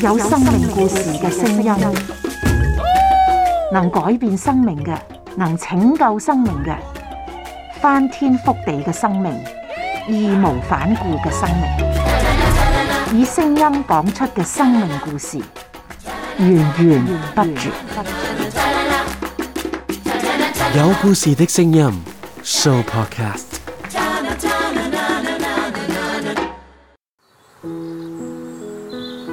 有生命故事嘅聲音，能改變生命嘅，能拯救生命嘅，翻天覆地嘅生命，義無反顧嘅生命，以聲音講出嘅生命故事，源源不絕。有故事嘅聲音，Show Podcast。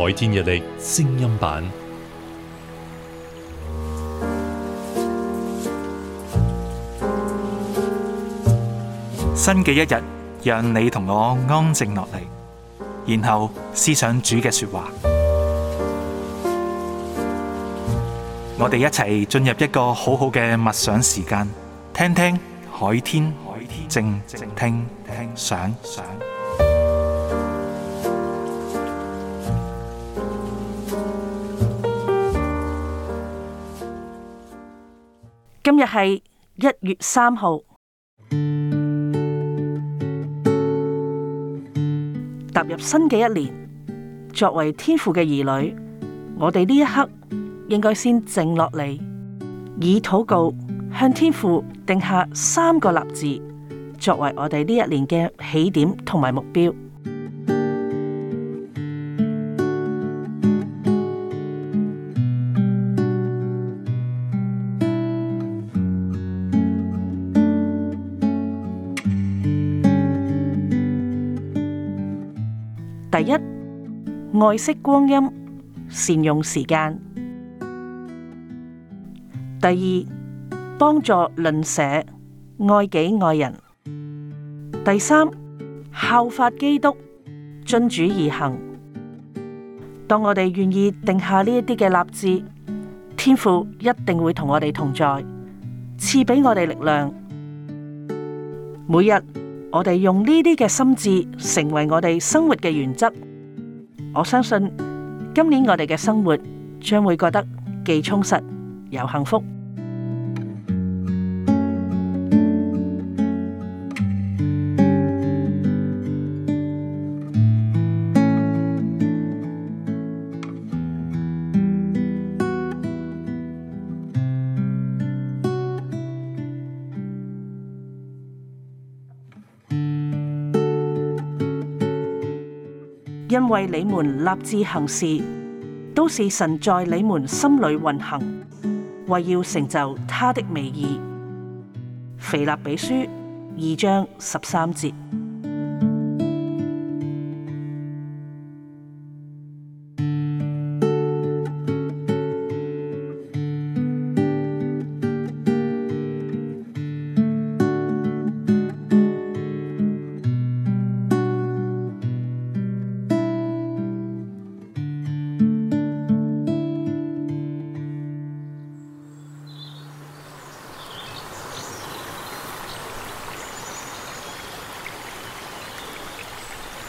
海天日曆聲音版，新嘅一日，讓你同我安靜落嚟，然後思想主嘅說話。我哋一齊進入一個好好嘅默想時間，聽聽海天，靜靜聽聽想想。今日係一月三號，踏入新嘅一年。作為天父嘅兒女，我哋呢一刻應該先靜落嚟，以禱告向天父定下三個立志，作為我哋呢一年嘅起點同埋目標。第一，愛惜光陰，善用時間；第二，幫助鄰舍，愛己愛人；第三，效法基督，遵主而行。當我哋願意定下呢一啲嘅立志，天父一定會同我哋同在，賜俾我哋力量，每日。我哋用呢啲嘅心智成為我哋生活嘅原則，我相信今年我哋嘅生活將會過得既充實又幸福。因為你們立志行事，都是神在你們心裏運行，為要成就他的美意。腓立比書二章十三節。